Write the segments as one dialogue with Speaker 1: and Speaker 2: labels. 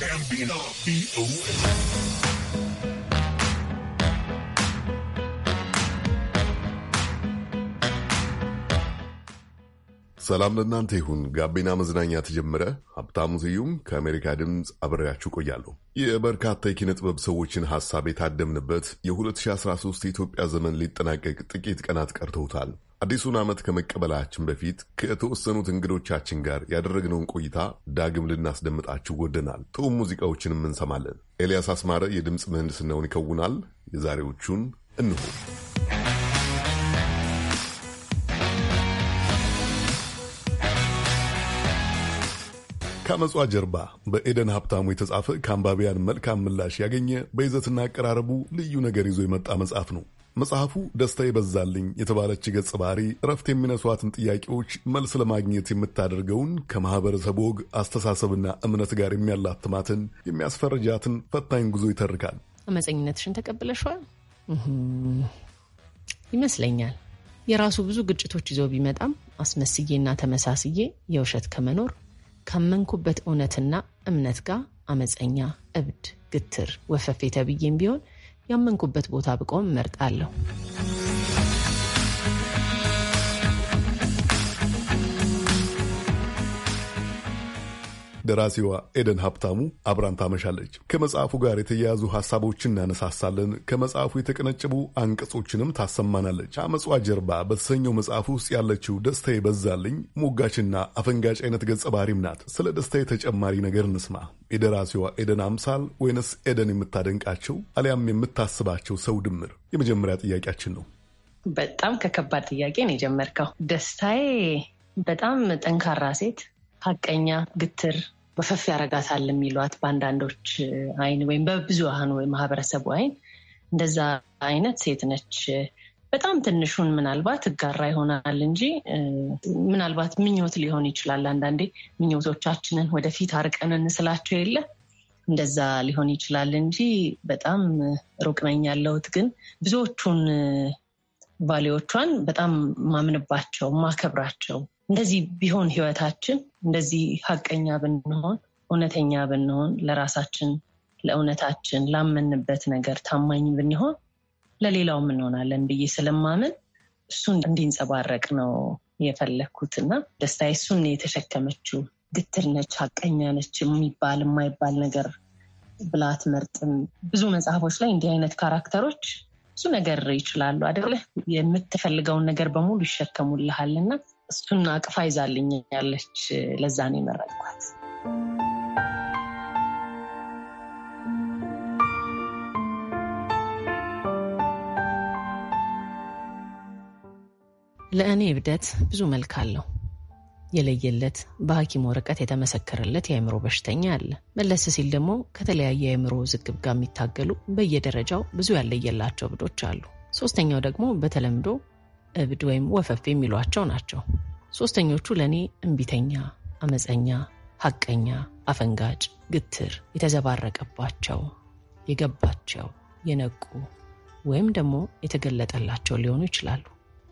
Speaker 1: ሰላም
Speaker 2: ለእናንተ ይሁን። ጋቢና መዝናኛ ተጀመረ። ሀብታሙ ስዩም ከአሜሪካ ድምፅ አብሬያችሁ ቆያለሁ። የበርካታ የኪነ ጥበብ ሰዎችን ሀሳብ የታደምንበት የ2013 የኢትዮጵያ ዘመን ሊጠናቀቅ ጥቂት ቀናት ቀርተውታል። አዲሱን ዓመት ከመቀበላችን በፊት ከተወሰኑት እንግዶቻችን ጋር ያደረግነውን ቆይታ ዳግም ልናስደምጣችሁ ወደናል። ጥዑም ሙዚቃዎችንም እንሰማለን። ኤልያስ አስማረ የድምፅ ምህንድስናውን ይከውናል። የዛሬዎቹን እንሆ ከአመጿ ጀርባ በኤደን ሀብታሙ የተጻፈ ከአንባቢያን መልካም ምላሽ ያገኘ በይዘትና አቀራረቡ ልዩ ነገር ይዞ የመጣ መጽሐፍ ነው። መጽሐፉ ደስታ ይበዛልኝ የተባለች ገጸ ባህሪ እረፍት የሚነሷትን ጥያቄዎች መልስ ለማግኘት የምታደርገውን ከማኅበረሰብ ወግ አስተሳሰብና እምነት ጋር የሚያላትማትን የሚያስፈርጃትን ፈታኝ ጉዞ ይተርካል።
Speaker 3: አመፀኝነትሽን ተቀብለሸዋል ይመስለኛል። የራሱ ብዙ ግጭቶች ይዞ ቢመጣም አስመስዬና ተመሳስዬ የውሸት ከመኖር ካመንኩበት እውነትና እምነት ጋር አመፀኛ፣ እብድ፣ ግትር፣ ወፈፌ ተብዬም ቢሆን ያመንኩበት ቦታ ብቆም እመርጣለሁ።
Speaker 2: ደራሲዋ ኤደን ሀብታሙ አብራን ታመሻለች። ከመጽሐፉ ጋር የተያያዙ ሀሳቦችን እናነሳሳለን። ከመጽሐፉ የተቀነጨቡ አንቀጾችንም ታሰማናለች። አመጽዋ ጀርባ በተሰኘው መጽሐፍ ውስጥ ያለችው ደስታ ይበዛልኝ ሞጋችና አፈንጋጭ አይነት ገጸ ባህሪም ናት። ስለ ደስታ ተጨማሪ ነገር እንስማ። የደራሲዋ ኤደን አምሳል ወይንስ ኤደን የምታደንቃቸው አሊያም የምታስባቸው ሰው ድምር የመጀመሪያ ጥያቄያችን ነው።
Speaker 3: በጣም ከከባድ ጥያቄ ነው የጀመርከው። ደስታዬ በጣም ጠንካራ ሴት ሀቀኛ፣ ግትር በፈፍ ያረጋታል የሚሏት በአንዳንዶች አይን ወይም በብዙሃኑ ማህበረሰቡ አይን እንደዛ አይነት ሴት ነች። በጣም ትንሹን ምናልባት እጋራ ይሆናል እንጂ ምናልባት ምኞት ሊሆን ይችላል። አንዳንዴ ምኞቶቻችንን ወደፊት አርቀን እንስላቸው የለ እንደዛ ሊሆን ይችላል እንጂ በጣም ሩቅ ነኝ ያለሁት ግን ብዙዎቹን ቫሌዎቿን በጣም ማምንባቸው ማከብራቸው እንደዚህ ቢሆን ህይወታችን እንደዚህ ሀቀኛ ብንሆን እውነተኛ ብንሆን ለራሳችን ለእውነታችን ላመንበት ነገር ታማኝ ብንሆን ለሌላውም እንሆናለን ብዬ ስለማምን እሱን እንዲንጸባረቅ ነው የፈለግኩት እና ደስታ እሱን የተሸከመችው ግትር ነች፣ ሀቀኛ ነች የሚባል የማይባል ነገር ብላ አትመርጥም። ብዙ መጽሐፎች ላይ እንዲህ አይነት ካራክተሮች ብዙ ነገር ይችላሉ አደለ? የምትፈልገውን ነገር በሙሉ ይሸከሙልሃል እና እሱን አቅፋ ይዛልኝ ያለች ለዛ ነው የመረጥኳት። ለእኔ እብደት ብዙ መልክ አለው። የለየለት በሐኪም ወረቀት የተመሰከረለት የአእምሮ በሽተኛ አለ። መለስ ሲል ደግሞ ከተለያየ የአእምሮ ውዝግብ ጋር የሚታገሉ በየደረጃው ብዙ ያለየላቸው እብዶች አሉ። ሶስተኛው ደግሞ በተለምዶ እብድ ወይም ወፈፍ የሚሏቸው ናቸው። ሶስተኞቹ ለእኔ እምቢተኛ፣ አመፀኛ፣ ሐቀኛ፣ አፈንጋጭ፣ ግትር፣ የተዘባረቀባቸው፣ የገባቸው፣ የነቁ ወይም ደግሞ የተገለጠላቸው ሊሆኑ ይችላሉ።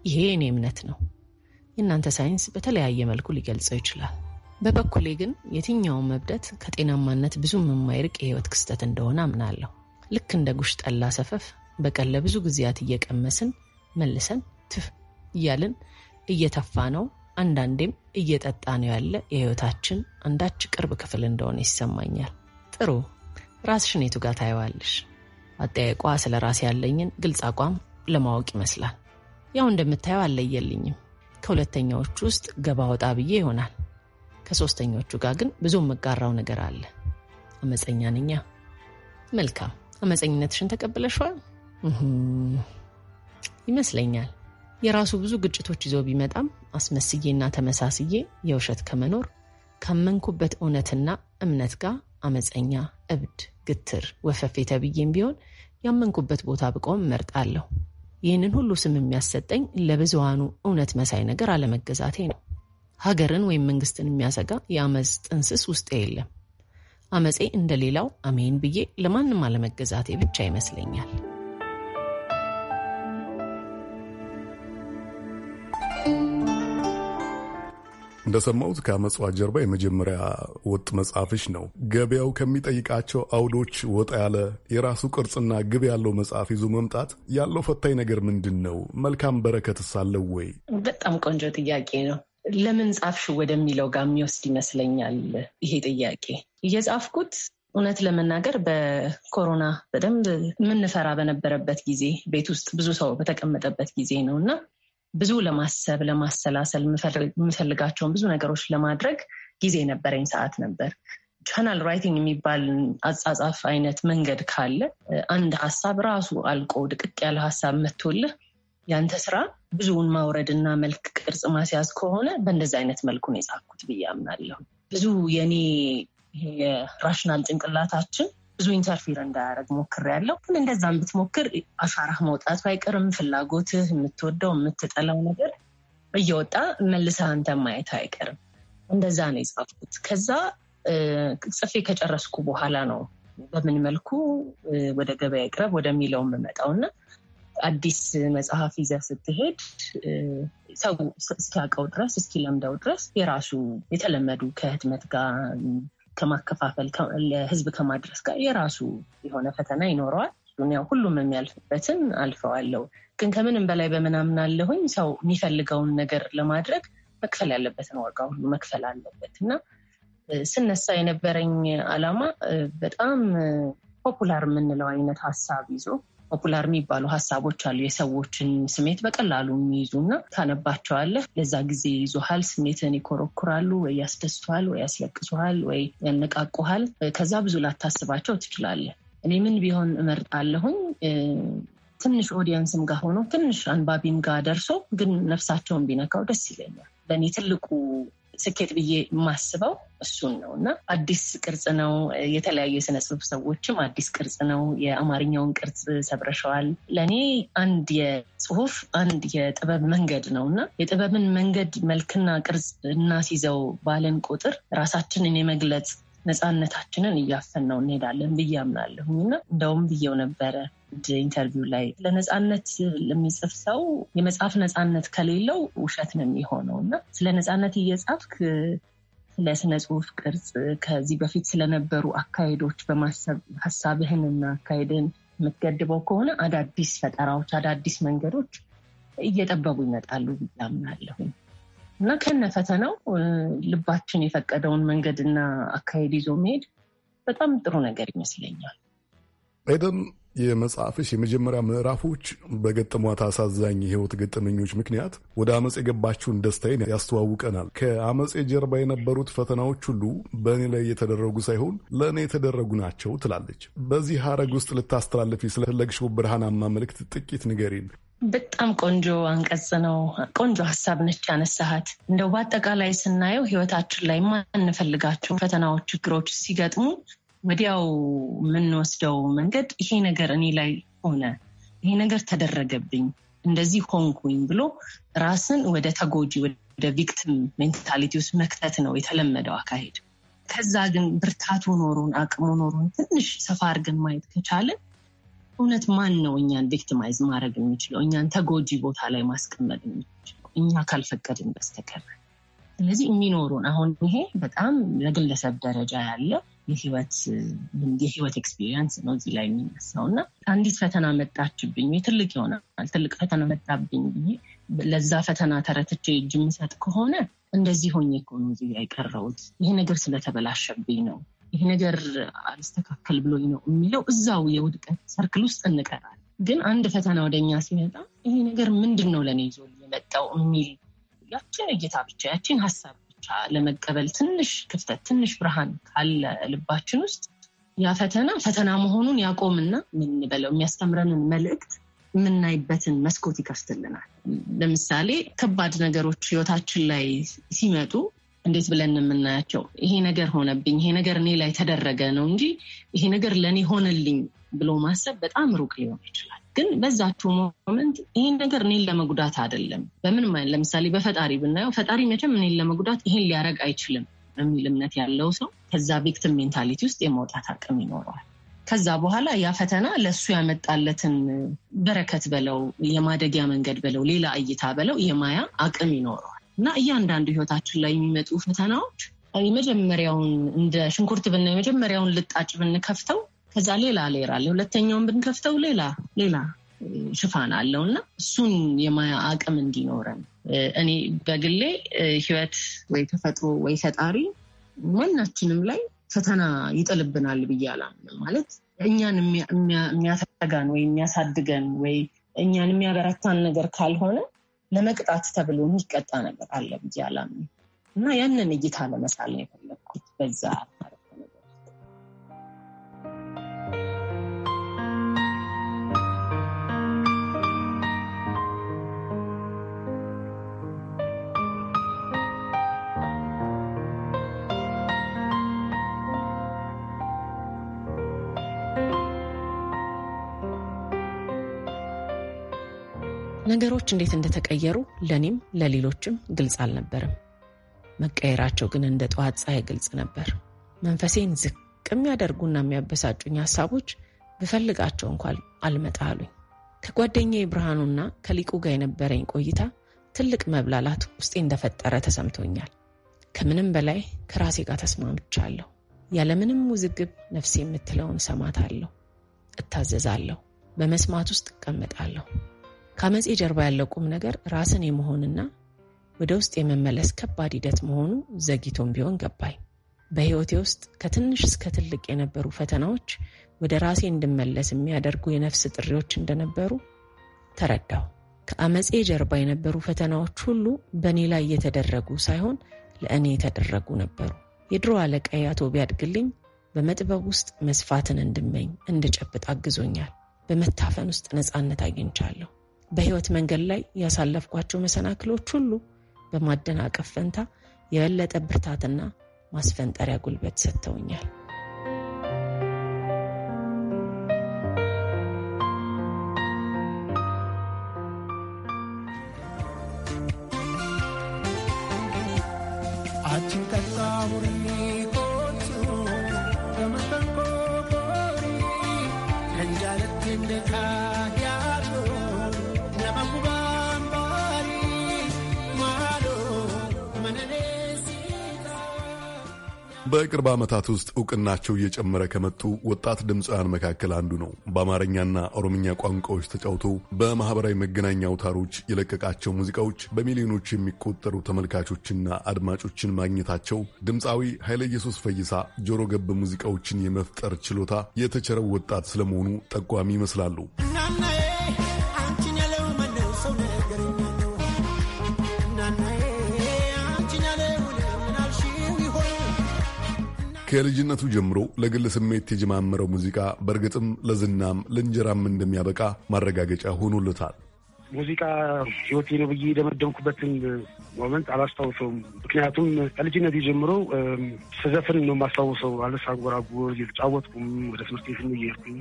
Speaker 3: ይሄ የእኔ እምነት ነው። የእናንተ ሳይንስ በተለያየ መልኩ ሊገልጸው ይችላል። በበኩሌ ግን የትኛው መብደት ከጤናማነት ብዙም የማይርቅ የህይወት ክስተት እንደሆነ አምናለሁ። ልክ እንደ ጉሽ ጠላ ሰፈፍ በቀን ለብዙ ጊዜያት እየቀመስን መልሰን ትፍ እያልን እየተፋ ነው፣ አንዳንዴም እየጠጣ ነው ያለ የህይወታችን አንዳች ቅርብ ክፍል እንደሆነ ይሰማኛል። ጥሩ ራስሽን የቱ ጋር ታየዋለሽ? አጠያየቋ ስለ ራስ ያለኝን ግልጽ አቋም ለማወቅ ይመስላል። ያው እንደምታየው አለየልኝም። ከሁለተኛዎቹ ውስጥ ገባ ወጣ ብዬ ይሆናል። ከሶስተኞቹ ጋር ግን ብዙ መጋራው ነገር አለ። አመፀኛ ነኛ። መልካም አመፀኝነትሽን ተቀብለሽዋል ይመስለኛል። የራሱ ብዙ ግጭቶች ይዞ ቢመጣም አስመስዬና ተመሳስዬ የውሸት ከመኖር ካመንኩበት እውነትና እምነት ጋር አመፀኛ፣ እብድ፣ ግትር፣ ወፈፌ ተብዬም ቢሆን ያመንኩበት ቦታ ብቆም መርጣለሁ። ይህንን ሁሉ ስም የሚያሰጠኝ ለብዙሃኑ እውነት መሳይ ነገር አለመገዛቴ ነው። ሀገርን ወይም መንግስትን የሚያሰጋ የአመፅ ጥንስስ ውስጤ የለም። አመፄ እንደሌላው አሜን ብዬ ለማንም አለመገዛቴ ብቻ ይመስለኛል።
Speaker 2: እንደሰማሁት ከአመጽዋ ጀርባ የመጀመሪያ ወጥ መጽሐፍሽ ነው። ገበያው ከሚጠይቃቸው አውዶች ወጣ ያለ የራሱ ቅርጽና ግብ ያለው መጽሐፍ ይዞ መምጣት ያለው ፈታኝ ነገር ምንድን ነው? መልካም በረከትስ አለው ወይ?
Speaker 3: በጣም ቆንጆ ጥያቄ ነው። ለምን ጻፍሽ ወደሚለው ጋር የሚወስድ ይመስለኛል ይሄ ጥያቄ። እየጻፍኩት እውነት ለመናገር በኮሮና በደንብ የምንፈራ በነበረበት ጊዜ ቤት ውስጥ ብዙ ሰው በተቀመጠበት ጊዜ ነው እና ብዙ ለማሰብ ለማሰላሰል የምፈልጋቸውን ብዙ ነገሮች ለማድረግ ጊዜ ነበረኝ፣ ሰዓት ነበር። ቻናል ራይቲንግ የሚባል አጻጻፍ አይነት መንገድ ካለ አንድ ሀሳብ ራሱ አልቆ ድቅቅ ያለ ሀሳብ መቶልህ ያንተ ስራ ብዙውን ማውረድ እና መልክ ቅርጽ ማስያዝ ከሆነ በእንደዚ አይነት መልኩ ነው የጻፍኩት ብዬ አምናለሁ። ብዙ የኔ የራሽናል ጭንቅላታችን ብዙ ኢንተርፊር እንዳያደረግ ሞክር ያለው ግን እንደዛ ብትሞክር አሻራህ መውጣቱ አይቀርም። ፍላጎትህ፣ የምትወደው የምትጠላው ነገር እየወጣ መልሰህ አንተ ማየት አይቀርም። እንደዛ ነው የጻፍኩት። ከዛ ጽፌ ከጨረስኩ በኋላ ነው በምን መልኩ ወደ ገበያ ይቅረብ ወደሚለው የምመጣው እና አዲስ መጽሐፍ ይዘህ ስትሄድ ሰው እስኪያውቀው ድረስ እስኪለምደው ድረስ የራሱ የተለመዱ ከህትመት ጋር ከማከፋፈል ለህዝብ ከማድረስ ጋር የራሱ የሆነ ፈተና ይኖረዋል። ያው ሁሉም የሚያልፍበትን አልፈዋለሁ። ግን ከምንም በላይ በምናምን አለሁኝ ሰው የሚፈልገውን ነገር ለማድረግ መክፈል ያለበትን ዋጋ ሁሉ መክፈል አለበት እና ስነሳ የነበረኝ አላማ በጣም ፖፑላር የምንለው አይነት ሀሳብ ይዞ ፖፑላር የሚባሉ ሀሳቦች አሉ። የሰዎችን ስሜት በቀላሉ የሚይዙና ታነባቸዋለህ። ለዛ ጊዜ ይዞሃል፣ ስሜትን ይኮረኩራሉ። ወይ ያስደስቷል፣ ወይ ያስለቅሷል፣ ወይ ያነቃቁሃል። ከዛ ብዙ ላታስባቸው ትችላለህ። እኔ ምን ቢሆን እመርጣለሁኝ ትንሽ ኦዲየንስም ጋር ሆኖ ትንሽ አንባቢም ጋር ደርሶ ግን ነፍሳቸውን ቢነካው ደስ ይለኛል። ለእኔ ትልቁ ስኬት ብዬ የማስበው እሱን ነው እና አዲስ ቅርጽ ነው። የተለያዩ የስነ ጽሁፍ ሰዎችም አዲስ ቅርጽ ነው፣ የአማርኛውን ቅርጽ ሰብረሸዋል። ለእኔ አንድ የጽሁፍ አንድ የጥበብ መንገድ ነው እና የጥበብን መንገድ መልክና ቅርጽ እናስይዘው ባለን ቁጥር ራሳችንን የመግለጽ ነፃነታችንን እያፈን ነው እንሄዳለን ብዬ አምናለሁ እና እንደውም ብዬው ነበረ ኢንተርቪው ላይ ለነፃነት ለሚጽፍ ሰው የመጽሐፍ ነፃነት ከሌለው ውሸት ነው የሚሆነው እና ስለ ነፃነት እየጻፍክ ስለ ስነ ጽሁፍ ቅርጽ ከዚህ በፊት ስለነበሩ አካሄዶች በማሰብ ሀሳብህንና አካሄድን የምትገድበው ከሆነ አዳዲስ ፈጠራዎች፣ አዳዲስ መንገዶች እየጠበቡ ይመጣሉ ብዬ አምናለሁ እና ከነ ፈተናው ልባችን የፈቀደውን መንገድና አካሄድ ይዞ መሄድ በጣም ጥሩ ነገር ይመስለኛል።
Speaker 2: ኤደን የመጽሐፍሽ የመጀመሪያ ምዕራፎች በገጠሟት አሳዛኝ የህይወት ገጠመኞች ምክንያት ወደ አመፅ የገባችውን ደስታዬን ያስተዋውቀናል። ከአመፅ ጀርባ የነበሩት ፈተናዎች ሁሉ በእኔ ላይ የተደረጉ ሳይሆን ለእኔ የተደረጉ ናቸው ትላለች። በዚህ ሀረግ ውስጥ ልታስተላልፊ ስለፈለግሽው ብርሃናማ መልእክት ጥቂት ንገሪን።
Speaker 3: በጣም ቆንጆ አንቀጽ ነው። ቆንጆ ሀሳብ ነች ያነሳሃት። እንደው በአጠቃላይ ስናየው ህይወታችን ላይ ማንፈልጋቸው ፈተናዎች፣ ችግሮች ሲገጥሙ ወዲያው የምንወስደው መንገድ ይሄ ነገር እኔ ላይ ሆነ፣ ይሄ ነገር ተደረገብኝ፣ እንደዚህ ሆንኩኝ ብሎ ራስን ወደ ተጎጂ ወደ ቪክቲም ሜንታሊቲ ውስጥ መክተት ነው የተለመደው አካሄድ። ከዛ ግን ብርታቱ ኖሩን አቅሙ ኖሩን ትንሽ ሰፋ አድርገን ማየት ከቻለን እውነት ማን ነው እኛን ቪክቲማይዝ ማድረግ የሚችለው እኛን ተጎጂ ቦታ ላይ ማስቀመጥ የሚችለው እኛ ካልፈቀድን በስተቀር። ስለዚህ የሚኖሩን አሁን ይሄ በጣም ለግለሰብ ደረጃ ያለ የህይወት የህይወት ኤክስፒሪየንስ ነው እዚህ ላይ የሚነሳው እና አንዲት ፈተና መጣችብኝ፣ ትልቅ ይሆናል ትልቅ ፈተና መጣብኝ ብዬ ለዛ ፈተና ተረትቼ እጅ የምሰጥ ከሆነ እንደዚህ ሆኜ እኮ ነው እዚህ ላይ ቀረሁት፣ ይሄ ነገር ስለተበላሸብኝ ነው፣ ይሄ ነገር አልስተካከል ብሎኝ ነው የሚለው እዛው የውድቀት ሰርክል ውስጥ እንቀራል ግን አንድ ፈተና ወደኛ ሲመጣ ይሄ ነገር ምንድን ነው ለእኔ ይዞ የመጣው የሚል ያችን እይታ ብቻ ያችን ሀሳብ ለመቀበል ትንሽ ክፍተት፣ ትንሽ ብርሃን ካለ ልባችን ውስጥ ያ ፈተና ፈተና መሆኑን ያቆምና የምንበለው የሚያስተምረንን መልእክት የምናይበትን መስኮት ይከፍትልናል። ለምሳሌ ከባድ ነገሮች ህይወታችን ላይ ሲመጡ እንዴት ብለን የምናያቸው ይሄ ነገር ሆነብኝ፣ ይሄ ነገር እኔ ላይ ተደረገ ነው እንጂ ይሄ ነገር ለእኔ ሆነልኝ ብሎ ማሰብ በጣም ሩቅ ሊሆን ይችላል። ግን በዛችሁ ሞመንት ይህን ነገር እኔን ለመጉዳት አይደለም። በምን አይነት ለምሳሌ በፈጣሪ ብናየው ፈጣሪ መቼም እኔን ለመጉዳት ይህን ሊያደርግ አይችልም የሚል እምነት ያለው ሰው ከዛ ቪክቲም ሜንታሊቲ ውስጥ የመውጣት አቅም ይኖረዋል። ከዛ በኋላ ያ ፈተና ለእሱ ያመጣለትን በረከት በለው የማደጊያ መንገድ በለው ሌላ እይታ በለው የማያ አቅም ይኖረዋል እና እያንዳንዱ ህይወታችን ላይ የሚመጡ ፈተናዎች የመጀመሪያውን እንደ ሽንኩርት ብና የመጀመሪያውን ልጣጭ ብንከፍተው ከዛ ሌላ ሌራ አለ። ሁለተኛውን ብንከፍተው ሌላ ሌላ ሽፋን አለው እና እሱን የማያ አቅም እንዲኖረን እኔ በግሌ ህይወት ወይ ተፈጥሮ ወይ ፈጣሪ ማናችንም ላይ ፈተና ይጥልብናል ብዬ አላምንም። ማለት እኛን የሚያተጋን ወይ የሚያሳድገን ወይ እኛን የሚያበረታን ነገር ካልሆነ ለመቅጣት ተብሎ የሚቀጣ ነገር አለ ብዬ አላምንም እና ያንን እይታ ለመሳል ነው የፈለግኩት በዛ ነገሮች እንዴት እንደተቀየሩ ለእኔም ለሌሎችም ግልጽ አልነበርም። መቀየራቸው ግን እንደ ጠዋት ፀሐይ ግልጽ ነበር። መንፈሴን ዝቅ የሚያደርጉና የሚያበሳጩኝ ሀሳቦች ብፈልጋቸው እንኳን አልመጣሉኝ። ከጓደኛዬ ብርሃኑና ከሊቁ ጋር የነበረኝ ቆይታ ትልቅ መብላላት ውስጤ እንደፈጠረ ተሰምቶኛል። ከምንም በላይ ከራሴ ጋር ተስማምቻለሁ። ያለምንም ውዝግብ ነፍሴ የምትለውን ሰማታለሁ፣ እታዘዛለሁ፣ በመስማት ውስጥ እቀመጣለሁ። ከአመፄ ጀርባ ያለው ቁም ነገር ራስን የመሆንና ወደ ውስጥ የመመለስ ከባድ ሂደት መሆኑ ዘግይቶም ቢሆን ገባኝ። በሕይወቴ ውስጥ ከትንሽ እስከ ትልቅ የነበሩ ፈተናዎች ወደ ራሴ እንድመለስ የሚያደርጉ የነፍስ ጥሪዎች እንደነበሩ ተረዳሁ። ከአመፄ ጀርባ የነበሩ ፈተናዎች ሁሉ በእኔ ላይ የተደረጉ ሳይሆን ለእኔ የተደረጉ ነበሩ። የድሮ አለቃዬ አቶ ቢያድግልኝ በመጥበብ ውስጥ መስፋትን እንድመኝ እንድጨብጥ አግዞኛል። በመታፈን ውስጥ ነፃነት አግኝቻለሁ። በህይወት መንገድ ላይ ያሳለፍኳቸው መሰናክሎች ሁሉ በማደናቀፍ ፈንታ የበለጠ ብርታትና ማስፈንጠሪያ ጉልበት ሰጥተውኛል።
Speaker 4: I'm
Speaker 2: በቅርብ ዓመታት ውስጥ እውቅናቸው እየጨመረ ከመጡ ወጣት ድምፃውያን መካከል አንዱ ነው። በአማርኛና ኦሮምኛ ቋንቋዎች ተጫውቶ በማኅበራዊ መገናኛ አውታሮች የለቀቃቸው ሙዚቃዎች በሚሊዮኖች የሚቆጠሩ ተመልካቾችና አድማጮችን ማግኘታቸው ድምፃዊ ኃይለ ኢየሱስ ፈይሳ ጆሮ ገብ ሙዚቃዎችን የመፍጠር ችሎታ የተቸረው ወጣት ስለመሆኑ ጠቋሚ ይመስላሉ። ከልጅነቱ ጀምሮ ለግል ስሜት የጀማመረው ሙዚቃ በእርግጥም ለዝናም ለእንጀራም እንደሚያበቃ ማረጋገጫ ሆኖለታል።
Speaker 1: ሙዚቃ ህይወቴ ነው ብዬ የደመደምኩበትን ሞመንት አላስታውሰውም። ምክንያቱም ከልጅነት ጀምሮ ስዘፍን ነው የማስታውሰው። አለስ አንጎራጉር እየተጫወትኩም ወደ ትምህርት ቤት እየሄድኩኝ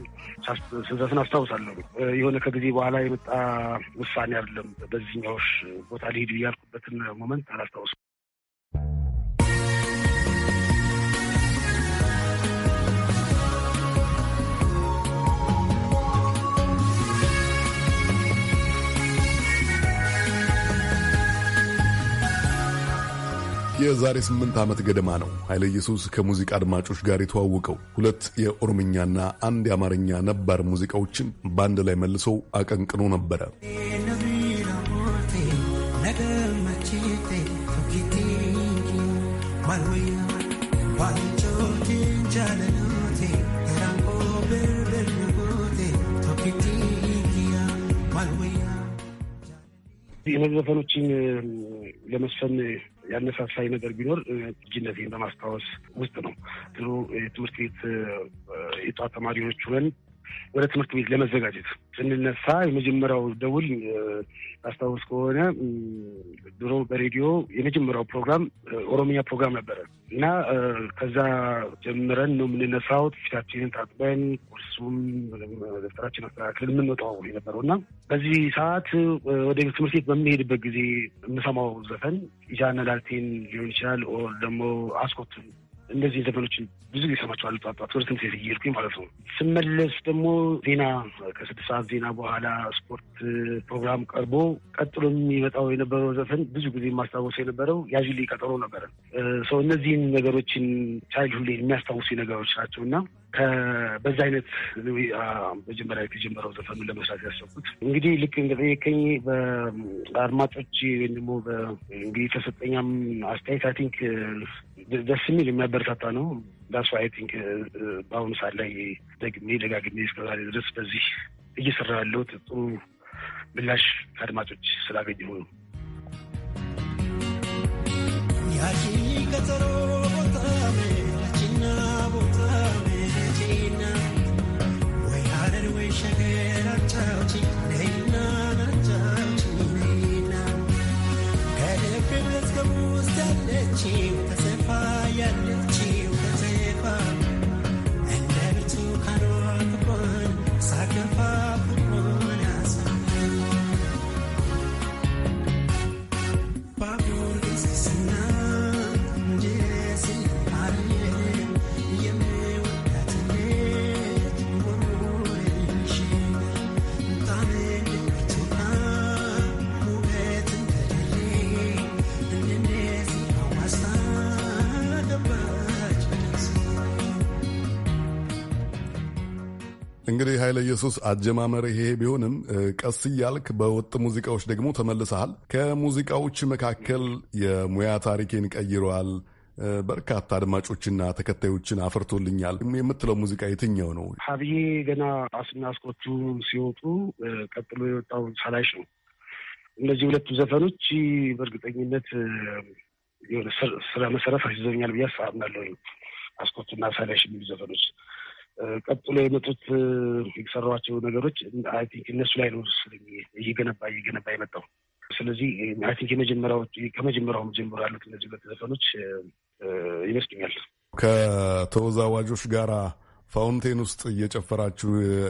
Speaker 1: ስዘፍን አስታውሳለሁ። የሆነ ከጊዜ በኋላ የመጣ ውሳኔ አይደለም። በዚህኛዎች ቦታ ሊሄድ ያልኩበትን ሞመንት አላስታውሰው።
Speaker 2: የዛሬ ስምንት ዓመት ገደማ ነው ኃይለ ኢየሱስ ከሙዚቃ አድማጮች ጋር የተዋወቀው። ሁለት የኦሮምኛና አንድ የአማርኛ ነባር ሙዚቃዎችን በአንድ ላይ መልሶ አቀንቅኖ ነበረ።
Speaker 1: የመዘፈኖችን ለመስፈን ያነሳሳይ ነገር ቢኖር ልጅነቴን በማስታወስ ውስጥ ነው። ድሮ ትምህርት ቤት የጠዋት ተማሪዎች ሆነን ወደ ትምህርት ቤት ለመዘጋጀት ስንነሳ የመጀመሪያው ደውል አስታውስ ከሆነ ድሮ በሬዲዮ የመጀመሪያው ፕሮግራም ኦሮሚያ ፕሮግራም ነበረ እና ከዛ ጀምረን ነው የምንነሳው። ፊታችንን ታጥበን ቁርሱም ደብተራችን አስተካክለን የምንወጣው የነበረው እና በዚህ ሰዓት ወደ ትምህርት ቤት በምንሄድበት ጊዜ የምሰማው ዘፈን ኢጃና ላልቴን ሊሆን ይችላል ኦር ደግሞ አስኮትን እንደዚህ ዘፈኖችን ብዙ ጊዜ ሰማቸዋለሁ። ጣጣት ወደ ትምህርት ቤት እየሄድኩኝ ማለት ነው። ስመለስ ደግሞ ዜና ከስድስት ሰዓት ዜና በኋላ ስፖርት ፕሮግራም ቀርቦ ቀጥሎ የሚመጣው የነበረው ዘፈን ብዙ ጊዜ የማስታወሰው የነበረው ያዥሌ ቀጠሮ ነበረ። ሰው እነዚህን ነገሮችን ቻይል ቻይልድሁድ የሚያስታውሱ ነገሮች ናቸው እና በዛ አይነት መጀመሪያ የተጀመረው ዘፈኑ ለመስራት ያሰብኩት እንግዲህ ልክ እንደጠየቀኝ በአድማጮች ወይም ደግሞ እንግዲህ ተሰጠኛም አስተያየት አይ ቲንክ ደስ የሚል የሚያበረታታ ነው። ዳስ አይ ቲንክ በአሁኑ ሰዓት ላይ ደግሜ ደጋግሜ እስከዛሬ ድረስ በዚህ እየሰራ ያለሁት ጥሩ ምላሽ ከአድማጮች ስላገኘሁ ነው።
Speaker 4: She
Speaker 2: ኃይለ ኢየሱስ አጀማመር ይሄ ቢሆንም ቀስ እያልክ በወጥ ሙዚቃዎች ደግሞ ተመልሰሃል። ከሙዚቃዎች መካከል የሙያ ታሪኬን ቀይረዋል፣ በርካታ አድማጮችና ተከታዮችን አፍርቶልኛል የምትለው ሙዚቃ የትኛው ነው?
Speaker 1: ሀብዬ ገና አስናስኮቹ ሲወጡ ቀጥሎ የወጣው ሳላሽ ነው። እነዚህ ሁለቱ ዘፈኖች በእርግጠኝነት የሆነ ስራ መሰረት አስይዘውኛል ብዬ አስባለሁ። አስኮቱና ሳላሽ የሚሉ ዘፈኖች ቀጥሎ የመጡት የሰሯቸው ነገሮች አይ ቲንክ እነሱ ላይ ነው እየገነባ እየገነባ የመጣው። ስለዚህ አይ ቲንክ የመጀመሪያዎች ከመጀመሪያውም ጀምሮ ያሉት እነዚህ ሁለት ዘፈኖች ይመስለኛል።
Speaker 2: ከተወዛዋዦች ጋራ ፋውንቴን ውስጥ እየጨፈራችሁ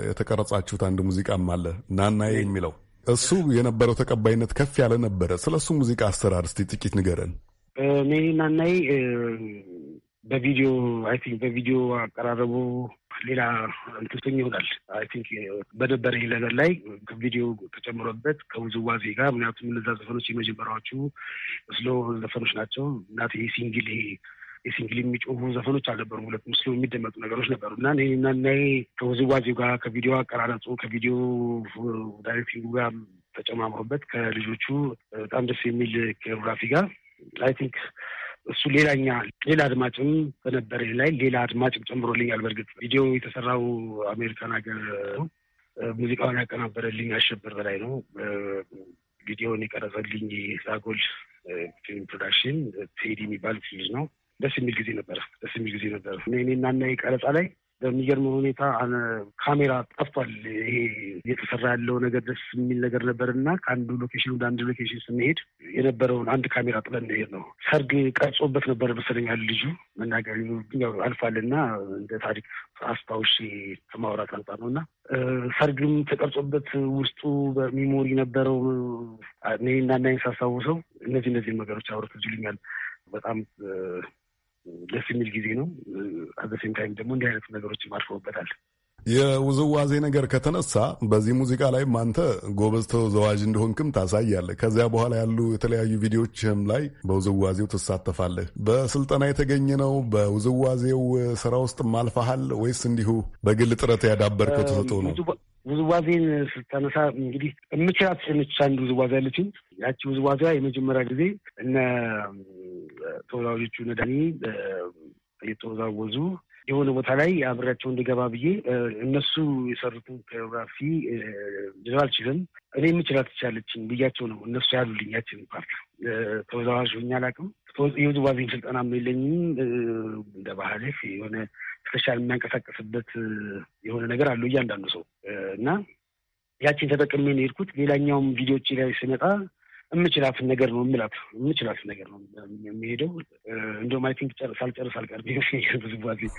Speaker 2: የተቀረጻችሁት አንድ ሙዚቃም አለ ናናዬ የሚለው እሱ የነበረው ተቀባይነት ከፍ ያለ ነበረ። ስለ እሱ ሙዚቃ አሰራር እስቲ ጥቂት ንገረን።
Speaker 1: እኔ ናናዬ በቪዲዮ አይ ቲንክ በቪዲዮ አቀራረቡ ሌላ እንትስኝ ይሆናል። አይ ቲንክ በነበረኝ ነገር ላይ ቪዲዮ ተጨምሮበት ከውዝዋዜ ጋር ምክንያቱም እነዛ ዘፈኖች የመጀመሪያዎቹ ስሎ ዘፈኖች ናቸው እና ይሄ ሲንግል ይሄ የሲንግል የሚጮፉ ዘፈኖች አልነበሩ። ሁለት ምስሉ የሚደመጡ ነገሮች ነበሩ እና እና ከውዝዋዜው ጋር ከቪዲዮ አቀራረጹ ከቪዲዮ ዳይሬክቲንጉ ጋር ተጨማምሮበት ከልጆቹ በጣም ደስ የሚል ኮሪዮግራፊ ጋር አይ ቲንክ እሱ ሌላኛ ሌላ አድማጭም በነበረ ላይ ሌላ አድማጭም ጨምሮልኛል። በእርግጥ ቪዲዮ የተሰራው አሜሪካን ሀገር ሙዚቃውን ያቀናበረልኝ አሸብር በላይ ነው። ቪዲዮን የቀረጸልኝ ዛጎል ፊልም ፕሮዳክሽን ቴዲ የሚባል ልጅ ነው። ደስ የሚል ጊዜ ነበረ። ደስ የሚል ጊዜ ነበረ። እኔ እናና የቀረጻ ላይ በሚገርም ሁኔታ ካሜራ ጠፍቷል። ይሄ እየተሰራ ያለው ነገር ደስ የሚል ነገር ነበር እና ከአንዱ ሎኬሽን ወደ አንድ ሎኬሽን ስንሄድ የነበረውን አንድ ካሜራ ጥለን ሄድ ነው። ሰርግ ቀርጾበት ነበር መሰለኛል ልጁ መናገር አልፋል እና እንደ ታሪክ አስታውሽ ከማውራት አንጻር ነው እና ሰርግም ተቀርጾበት ውስጡ በሚሞሪ ነበረው እና እናይን ሳሳውሰው እነዚህ እነዚህ ነገሮች አውረት ልኛል በጣም ደስ የሚል ጊዜ ነው። አዘሴም ታይም ደግሞ እንዲህ አይነት ነገሮችም አልፈውበታል።
Speaker 2: የውዝዋዜ ነገር ከተነሳ በዚህ ሙዚቃ ላይም አንተ ጎበዝ ተወዛዋዥ እንደሆንክም ታሳያለህ። ከዚያ በኋላ ያሉ የተለያዩ ቪዲዮችም ላይ በውዝዋዜው ትሳተፋለህ። በስልጠና የተገኘ ነው? በውዝዋዜው ስራ ውስጥ ማልፈሃል ወይስ እንዲሁ በግል ጥረት ያዳበርከው ተሰጥኦ ነው?
Speaker 1: ውዝዋዜን ስታነሳ እንግዲህ የምችላት አንድ ውዝዋዜ አለችኝ። ያቺ ውዝዋዜዋ የመጀመሪያ ጊዜ እነ ተወዛዋዦቹ ነዳኝ እየተወዛወዙ የሆነ ቦታ ላይ አብሬያቸው እንዲገባ ብዬ እነሱ የሰሩትን ኮሪዮግራፊ ልለው አልችልም። እኔ የምችላት ትቻለችን ብያቸው ነው እነሱ ያሉልኝ ያችን ፓርት። ተወዛዋዥ ሆኜ አላውቅም። የውዝዋዜን ስልጠናም የለኝም። እንደ ባህልህ የሆነ ስፔሻል የሚያንቀሳቀስበት የሆነ ነገር አለው እያንዳንዱ ሰው እና ያችን ተጠቅሜ ነው የሄድኩት። ሌላኛውም ቪዲዮዎች ላይ ስመጣ የምችላትን ነገር ነው የምላት የምችላትን ነገር ነው የሚሄደው። እንደውም አይ ቲንክ ሳልጨርስ አልቀርም ብዙ ጊዜ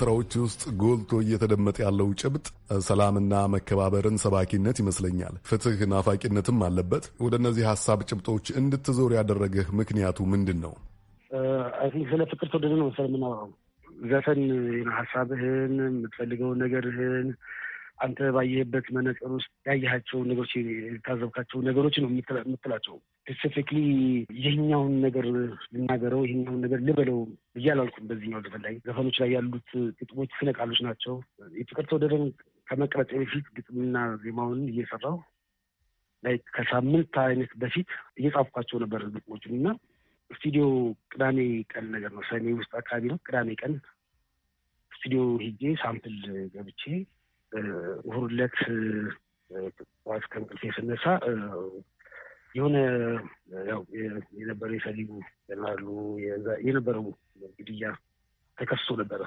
Speaker 2: ስራዎች ውስጥ ጎልቶ እየተደመጠ ያለው ጭብጥ ሰላምና መከባበርን ሰባኪነት ይመስለኛል። ፍትህ ናፋቂነትም አለበት። ወደ እነዚህ ሀሳብ ጭብጦች እንድትዞር ያደረገህ ምክንያቱ ምንድን ነው?
Speaker 1: ስለ ፍቅር ተወደደ ነው መሰለህ ዘፈን ሀሳብህን የምትፈልገውን ነገርህን አንተ ባየህበት መነጽር ውስጥ ያየሃቸውን ነገሮች የታዘብካቸው ነገሮች ነው የምትላቸው። ስፔሲፊክሊ ይህኛውን ነገር ልናገረው ይህኛውን ነገር ልበለው እያላልኩም በዚህኛው ዘፈን ላይ ዘፈኖች ላይ ያሉት ግጥሞች ስነቃሎች ናቸው። የፍቅር ተወደደን ከመቅረጽ በፊት ግጥምና ዜማውን እየሰራው ላይ ከሳምንት አይነት በፊት እየጻፍኳቸው ነበር ግጥሞችን እና ስቱዲዮ ቅዳሜ ቀን ነገር ነው ሰኔ ውስጥ አካባቢ ነው። ቅዳሜ ቀን ስቱዲዮ ሄጄ ሳምፕል ገብቼ እሑድ ዕለት ጠዋት ከእንቅልፌ ስነሳ የሆነ ያው የነበረው የሰሊቡ ናሉ የነበረው ግድያ ተከስቶ ነበረ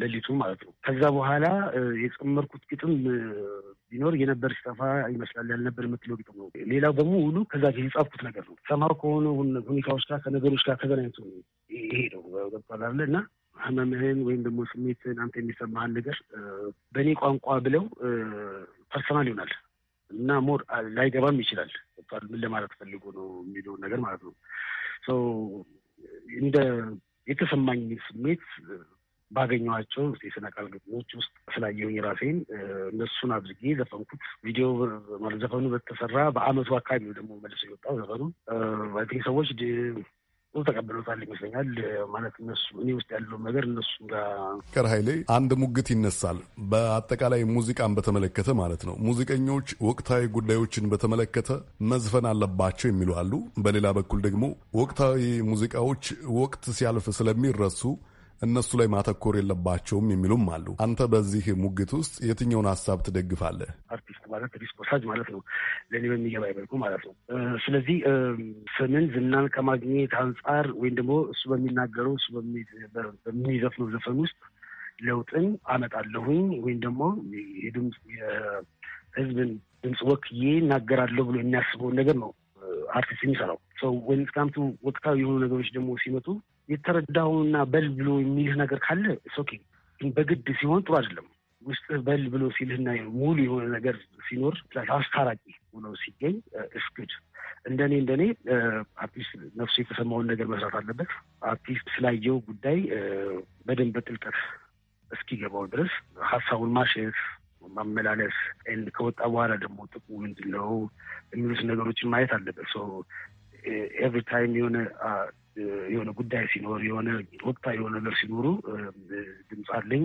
Speaker 1: ሌሊቱ ማለት ነው። ከዛ በኋላ የጨመርኩት ግጥም ቢኖር የነበር ሲጠፋ ይመስላል ያልነበር የምትለው ግጥም ነው። ሌላው ደግሞ ሁሉ ከዛ ጊዜ የጻፍኩት ነገር ነው። ሰማሁ ከሆነ ሁኔታዎች ጋር ከነገሮች ጋር ተገናኝቶ ይሄ ነው ገብቷል እና ህመምህን ወይም ደግሞ ስሜትህን አንተ የሚሰማህን ነገር በእኔ ቋንቋ ብለው ፐርሰናል ይሆናል እና ሞር ላይገባም ይችላል። ምን ለማለት ፈልጎ ነው የሚለውን ነገር ማለት ነው። እንደ የተሰማኝ ስሜት ባገኘኋቸው የስነ ቃል ግጥሞች ውስጥ ስላየሁኝ ራሴን እነሱን አድርጌ ዘፈንኩት። ቪዲዮ ማለት ዘፈኑ በተሰራ በአመቱ አካባቢ ደግሞ መልሶ የወጣው ዘፈኑ። ሰዎች ብዙ ተቀብሎታል ይመስለኛል። ማለት እነሱ እኔ ውስጥ ያለው ነገር እነሱ ጋር
Speaker 2: ከር ኃይሌ አንድ ሙግት ይነሳል። በአጠቃላይ ሙዚቃን በተመለከተ ማለት ነው። ሙዚቀኞች ወቅታዊ ጉዳዮችን በተመለከተ መዝፈን አለባቸው የሚሉ አሉ። በሌላ በኩል ደግሞ ወቅታዊ ሙዚቃዎች ወቅት ሲያልፍ ስለሚረሱ እነሱ ላይ ማተኮር የለባቸውም የሚሉም አሉ። አንተ በዚህ ሙግት ውስጥ የትኛውን ሀሳብ ትደግፋለህ?
Speaker 1: ማለት ሪስፖሳጅ ማለት ነው፣ ለእኔ በሚገባ ይበልኩ ማለት ነው። ስለዚህ ስምን ዝናን ከማግኘት አንጻር ወይም ደግሞ እሱ በሚናገረው እሱ በሚዘፍነው ዘፈን ውስጥ ለውጥን አመጣለሁኝ ወይም ደግሞ የድምፅ የህዝብን ድምፅ ወክዬ እናገራለሁ ብሎ የሚያስበውን ነገር ነው አርቲስት የሚሰራው ሰው ወይም ስካምቱ ወቅታዊ የሆኑ ነገሮች ደግሞ ሲመጡ የተረዳውና በል ብሎ የሚልህ ነገር ካለ ሶኬ በግድ ሲሆን ጥሩ አይደለም። ውስጥ በል ብሎ ሲልህና ሙሉ የሆነ ነገር ሲኖር አስታራቂ ሆኖ ሲገኝ እስክድ እንደኔ እንደኔ አርቲስት ነፍሱ የተሰማውን ነገር መስራት አለበት። አርቲስት ስላየው ጉዳይ በደንብ በጥልቀት እስኪገባው ድረስ ሀሳቡን ማሸት ማመላለስ ከወጣ በኋላ ደግሞ ጥቁ ምንድን ነው የሚሉት ነገሮችን ማየት አለበት። ሶ ኤቭሪ ታይም የሆነ የሆነ ጉዳይ ሲኖር የሆነ ወቅታ የሆነ ነገር ሲኖሩ ድምፅ አለኝ፣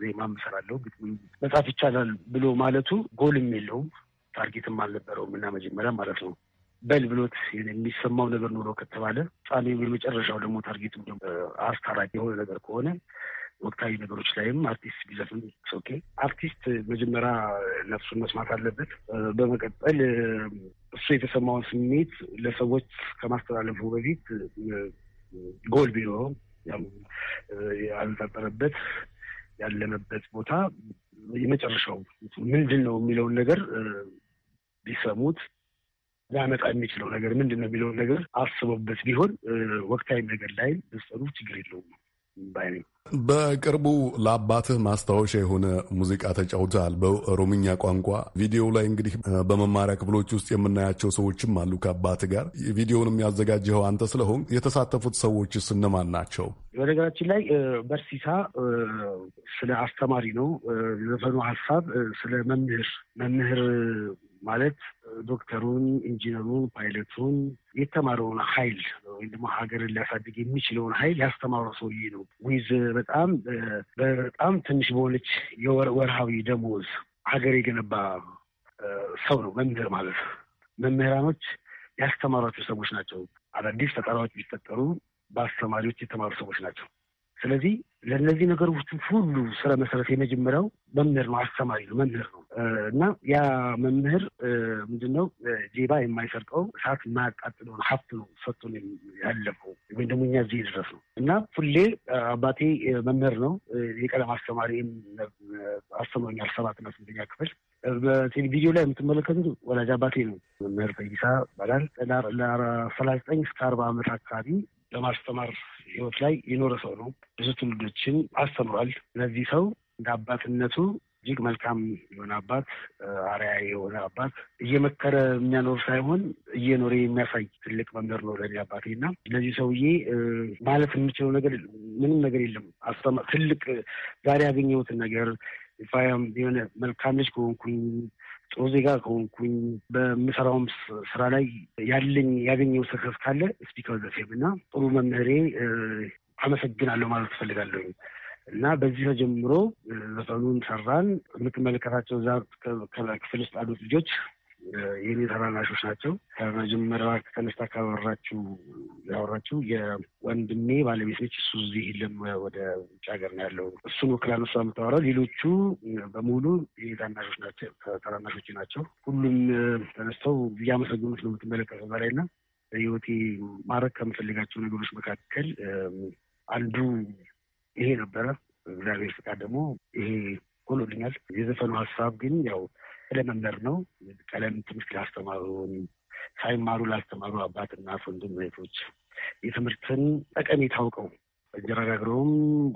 Speaker 1: ዜማ ምሰራለሁ፣ ግጥም መጻፍ ይቻላል ብሎ ማለቱ ጎልም የለውም ታርጌትም አልነበረውም እና መጀመሪያ ማለት ነው በል ብሎት የሚሰማው ነገር ኖሮ ከተባለ ጻሜ የመጨረሻው ደግሞ ታርጌቱ ደግሞ አስታራቂ የሆነ ነገር ከሆነ ወቅታዊ ነገሮች ላይም አርቲስት ቢዘፍን ኦኬ፣ አርቲስት መጀመሪያ ነፍሱን መስማት አለበት። በመቀጠል እሱ የተሰማውን ስሜት ለሰዎች ከማስተላለፉ በፊት ጎል ቢኖረው ያልፈጠረበት ያለመበት ቦታ የመጨረሻው ምንድን ነው የሚለውን ነገር ቢሰሙት ሊያመጣ የሚችለው ነገር ምንድን ነው የሚለውን ነገር አስበበት ቢሆን ወቅታዊ ነገር ላይ ብትሰሩ ችግር የለውም።
Speaker 2: በቅርቡ ለአባትህ ማስታወሻ የሆነ ሙዚቃ ተጫውተሃል በኦሮምኛ ቋንቋ። ቪዲዮ ላይ እንግዲህ በመማሪያ ክፍሎች ውስጥ የምናያቸው ሰዎችም አሉ ከአባት ጋር። ቪዲዮውንም ያዘጋጀኸው አንተ ስለሆን የተሳተፉት ሰዎችስ እነማን ናቸው?
Speaker 1: በነገራችን ላይ በርሲሳ ስለ አስተማሪ ነው ዘፈኑ ሀሳብ ስለ መምህር መምህር ማለት ዶክተሩን፣ ኢንጂነሩን፣ ፓይለቱን የተማረውን ኃይል ወይም ደግሞ ሀገርን ሊያሳድግ የሚችለውን ኃይል ያስተማረው ሰውዬ ነው። ዊዝ በጣም በጣም ትንሽ በሆነች የወርሃዊ ደሞዝ ሀገር የገነባ ሰው ነው መምህር ማለት። መምህራኖች ያስተማሯቸው ሰዎች ናቸው። አዳዲስ ፈጠራዎች ቢፈጠሩ በአስተማሪዎች የተማሩ ሰዎች ናቸው። ስለዚህ ለእነዚህ ነገር ውስጥ ሁሉ ስረ መሰረት የመጀመሪያው መምህር ነው፣ አስተማሪ ነው፣ መምህር ነው እና ያ መምህር ምንድን ነው ጄባ የማይሰርቀው እሳት የማያቃጥለውን ሀብት ነው ሰጡ ያለፈው ወይም ደግሞ እኛ እዚህ ድረስ ነው እና ሁሌ አባቴ መምህር ነው፣ የቀለም አስተማሪ አስተምሮኛል፣ ሰባትና ስምንተኛ ክፍል። በቴሌቪዥን ላይ የምትመለከቱት ወላጅ አባቴ ነው፣ መምህር ፈይሳ ይባላል። ለሰላሳ ዘጠኝ እስከ አርባ ዓመት አካባቢ በማስተማር ህይወት ላይ የኖረ ሰው ነው። ብዙ ትውልዶችን አስተምሯል። ለዚህ ሰው እንደ አባትነቱ እጅግ መልካም የሆነ አባት፣ አርያ የሆነ አባት እየመከረ የሚያኖር ሳይሆን እየኖረ የሚያሳይ ትልቅ መምህር ነው ለእኔ አባቴ እና ለዚህ ሰውዬ ማለት የምችለው ነገር ምንም ነገር የለም። ትልቅ ዛሬ ያገኘሁትን ነገር ፋያም የሆነ መልካም ልጅ ከሆንኩኝ ጥሩ ዜጋ ከሆንኩኝ በምሰራውም ስራ ላይ ያለኝ ያገኘው ስርከፍ ካለ ስፒከር ዘፌም እና ጥሩ መምህሬ አመሰግናለሁ ማለት ትፈልጋለሁኝ እና በዚህ ተጀምሮ ዘፈኑን ሰራን። የምትመለከታቸው እዛ ክፍል ውስጥ አሉት ልጆች የኔ ታናናሾች ናቸው። ከመጀመሪያዋ ተነስታ ካወራችው ያወራችው የወንድሜ ባለቤት ነች። እሱ እዚህ የለም፣ ወደ ውጭ ሀገር ነው ያለው። እሱን ወክላ ነሷ የምታወራው። ሌሎቹ በሙሉ የኔ ታናሾች ናቸው፣ ታናናሾች ናቸው። ሁሉም ተነስተው እያመሰገኑት ነው የምትመለከተው በላይ እና በህይወቴ ማድረግ ከምፈልጋቸው ነገሮች መካከል አንዱ ይሄ ነበረ። እግዚአብሔር ፍቃድ ደግሞ ይሄ ሆኖልኛል። የዘፈኑ ሀሳብ ግን ያው ለመምህር ነው። ቀለም ትምህርት ላስተማሩ ሳይማሩ ላስተማሩ አባትና ወንድም እህቶች የትምህርትን ጠቀሜታ አውቀው እጀረጋግረውም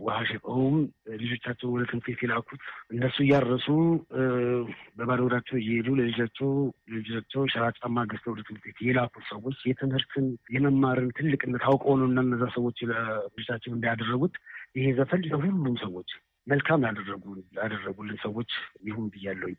Speaker 1: ውሃ ሸቀውም ልጆቻቸው ወደ ትምህርት ቤት የላኩት እነሱ እያረሱ በባዶ እግራቸው እየሄዱ ለልጃቸው ልጆቻቸው ሸራ ጫማ ገዝተው ወደ ትምህርት ቤት የላኩት ሰዎች የትምህርትን የመማርን ትልቅነት አውቀው ነው እና እነዛ ሰዎች ልጆቻቸው እንዳያደረጉት ይሄ ዘፈን ለሁሉም ሰዎች መልካም ያደረጉ ያደረጉልን ሰዎች ይሁን ብያለሁኝ።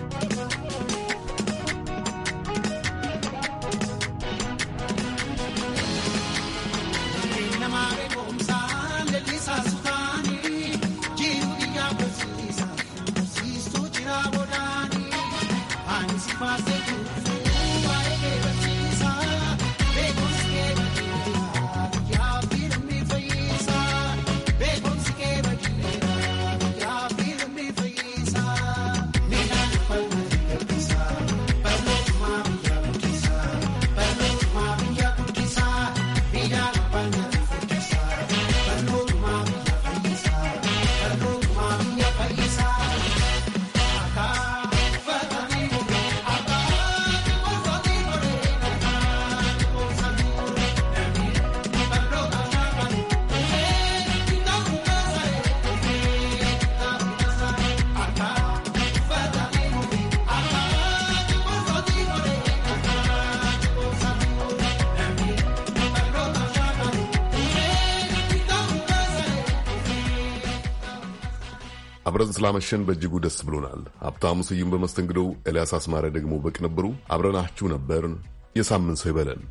Speaker 2: አብረን ስላመሸን በእጅጉ ደስ ብሎናል። ሀብታሙ ስዩም በመስተንግዶው፣ ኤልያስ አስማሪ ደግሞ በቅንብሩ አብረናችሁ ነበርን። የሳምንት ሰው ይበለን።